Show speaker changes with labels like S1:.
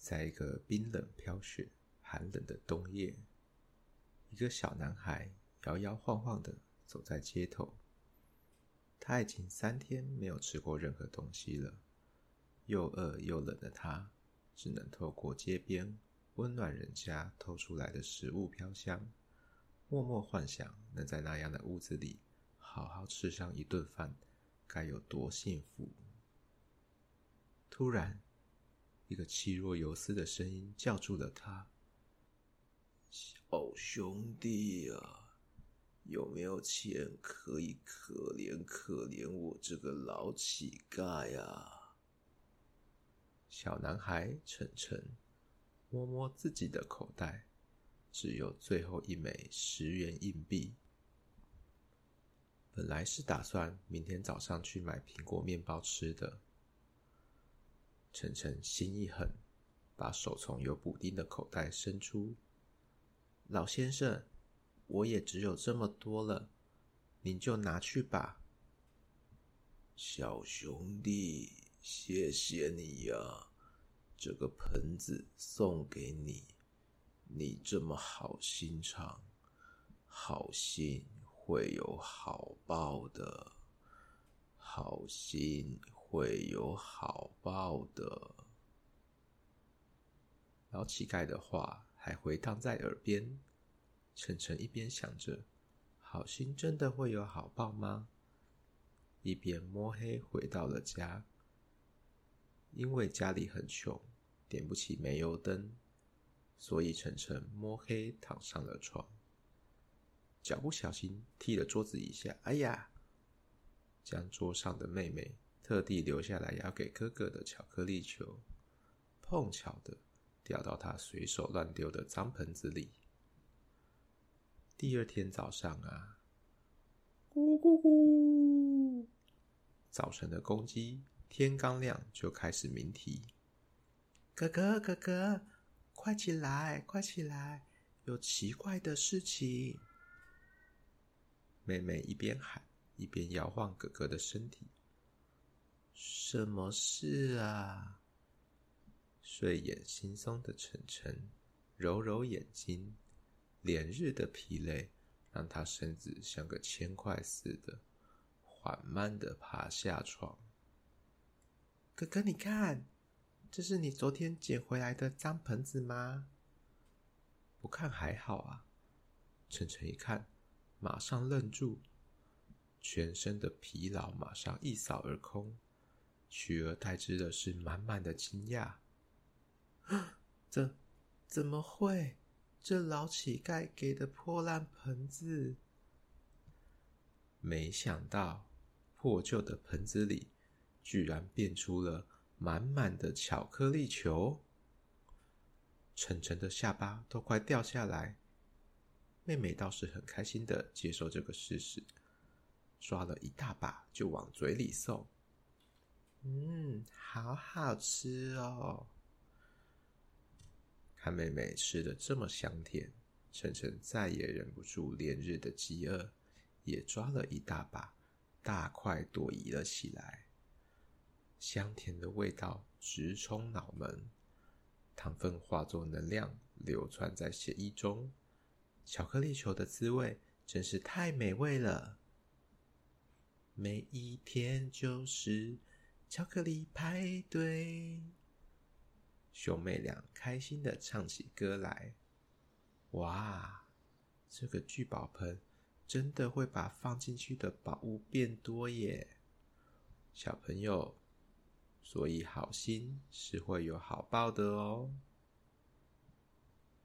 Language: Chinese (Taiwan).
S1: 在一個冰冷、飄雪、寒冷的冬夜，一個小男孩搖搖晃晃的走在街頭。他已經三天沒有吃過任何東西了，又餓又冷的他，只能透過街邊溫暖人家透出來的食物飄香，默默幻想能在那樣的屋子裡。好好吃上一頓飯，該有多幸福！突然，一個氣若游絲的聲音叫住了他：“小兄弟啊，有沒有錢可以可憐可憐我這個老乞丐啊？”小男孩晨晨摸摸自己的口袋，只有最後一枚十元硬幣。本來是打算明天早上去買蘋果麵包吃的。晨晨心一狠，把手從有補丁的口袋伸出：“老先生，我也只有這麼多了，您就拿去吧。”小兄弟，謝謝你呀、啊，這個盆子送給你。你這麼好心腸，好心。會有好報的，好心會有好報的。老乞丐的話還回蕩在耳邊，晨晨一邊想着“好心真的會有好報嗎”，一邊摸黑回到了家。因為家裡很窮，點不起煤油燈，所以晨晨摸黑躺上了床。腳不小心踢了桌子一下，哎呀！將桌上的妹妹特地留下來要給哥哥的巧克力球，碰巧的掉到他隨手亂丟的髒盆子裡。第二天早上啊，咕咕咕！早晨的公雞，天剛亮就開始鳴啼：“哥哥，哥哥，快起來，快起來，有奇怪的事情！”妹妹一邊喊，一邊搖晃哥哥的身體。什麼事啊？睡眼惺忪的晨晨揉揉眼睛，連日的疲累讓他身子像個鉛塊似的，緩慢的爬下床。哥哥，你看，這是你昨天撿回來的髒盆子嗎？不看還好啊，晨晨一看。馬上愣住，全身的疲勞馬上一掃而空，取而代之的是滿滿的驚訝。這怎麼會？這老乞丐給的破爛盆子，沒想到破舊的盆子裡居然變出了滿滿的巧克力球，晨晨的下巴都快掉下來。妹妹倒是很開心的接受這個事實，抓了一大把就往嘴裡送。嗯，好好吃哦！看妹妹吃的這麼香甜，晨晨再也忍不住連日的飢餓，也抓了一大把，大快朵頤了起來。香甜的味道直衝腦門，糖分化作能量流竄在血液中。巧克力球的滋味真是太美味了！每一天就是巧克力派對，兄妹倆開心地唱起歌來。哇，這個聚寶盆真的會把放進去的寶物變多耶，小朋友，所以好心是會有好報的哦。